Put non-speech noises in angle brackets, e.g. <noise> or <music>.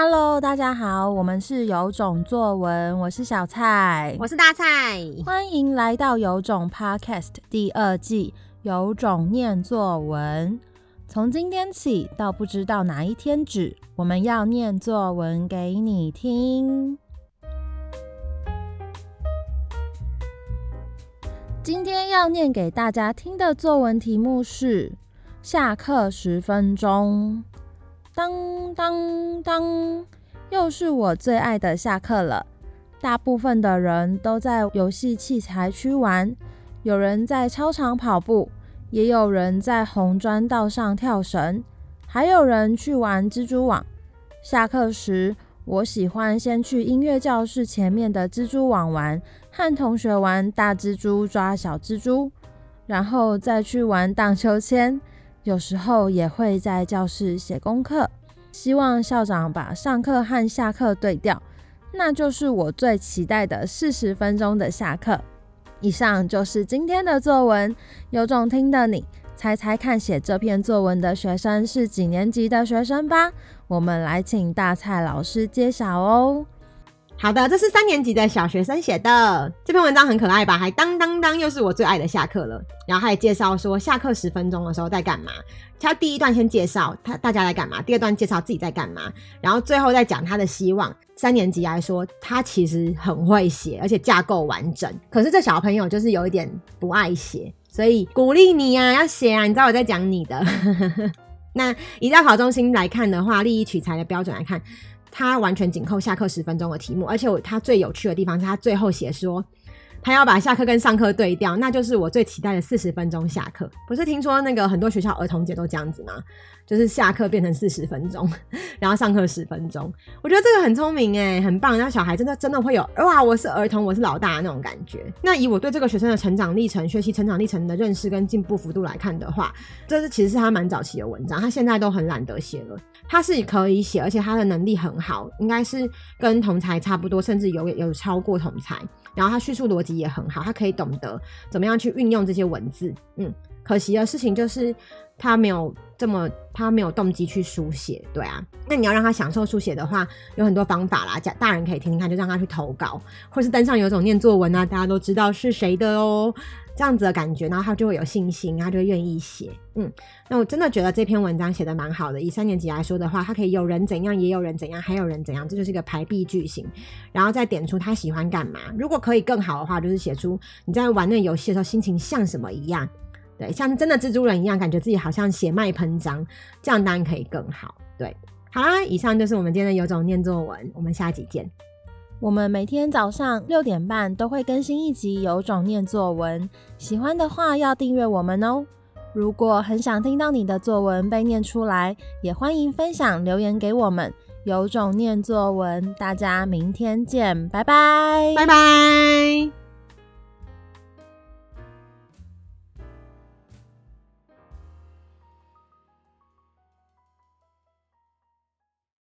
Hello，大家好，我們是有種作文，我是小蔡，我是大蔡，歡迎來到有種 Podcast 第二季，有種念作文，從今天起到不知道哪一天止，我們要念作文給你聽。今天要念給大家聽的作文題目是，下課十分鐘。當當當！又是我最愛的下課了。大部分的人都在遊戲器材區玩，有人在操場跑步，也有人在紅磚道上跳繩，還有人去玩蜘蛛網。下課時，我喜歡先去音樂教室前面的蜘蛛網玩，和同學玩大蜘蛛抓小蜘蛛，然後再去玩盪秋千。有時候也會在教室寫功課，希望校長把上課和下課對調，那就是我最期待的四十分鐘的下課。以上就是今天的作文，有種聽的你猜猜看，寫這篇作文的學生是幾年級的學生吧？我們來請大蔡老師揭曉哦。好的，這是三年級的小學生寫的，這篇文章很可愛吧？還當當當，又是我最愛的下課了。然後他也介紹說下課十分鐘的時候在幹嘛。他第一段先介紹他大家在幹嘛，第二段介紹自己在幹嘛，然後最後再講他的希望。三年級來說，他其實很會寫，而且架構完整。可是這小朋友就是有一點不愛寫，所以鼓勵你啊，要寫啊，你知道我在講你的。 <laughs> 那以在考中心來看的話，立意取材的標準來看。他完全緊扣下課十分鐘的題目，而且他最有趣的地方是他最後寫說，他要把下課跟上課對調，那就是我最期待的四十分鐘下課。不是聽說那個很多學校兒童節都這樣子嗎？就是下課變成四十分鐘。然後上課十分鐘，我覺得這個很聰明耶，很棒。讓小孩真的真的會有哇，我是兒童，我是老大那種感覺。那以我對這個學生的成長歷程、學習成長歷程的認識跟進步幅度來看的話，這是其實是他蠻早期的文章，他現在都很懶得寫了。他是可以寫，而且他的能力很好，應該是跟同儕差不多，甚至有有超過同儕。然後他敘述邏輯也很好，他可以懂得怎麼樣去運用這些文字，嗯。可惜的事情就是他沒有這麼，他沒有動機去書寫，對啊。那你要讓他享受書寫的話，有很多方法啦。大人可以聽聽看，就讓他去投稿，或是登上有種念作文啊，大家都知道是誰的哦、喔，這樣子的感覺，然後他就會有信心，他就會願意寫。嗯，那我真的覺得這篇文章寫得蠻好的，以三年級來說的話，他可以有人怎樣，也有人怎樣，還有人怎樣，這就是一個排比句型，然後再點出他喜歡幹嘛。如果可以更好的話，就是寫出你在玩那遊戲的時候心情像什麼一樣。對，像真的蜘蛛人一樣，感覺自己好像血脈噴張，這樣當然可以更好。對，好啦，以上就是我們今天的有種念作文，我們下集見。我們每天早上六點半都會更新一集有種念作文，喜歡的話要訂閱我們哦、喔。如果很想聽到你的作文被念出來，也歡迎分享留言給我們。有種念作文，大家明天見，拜拜，拜拜。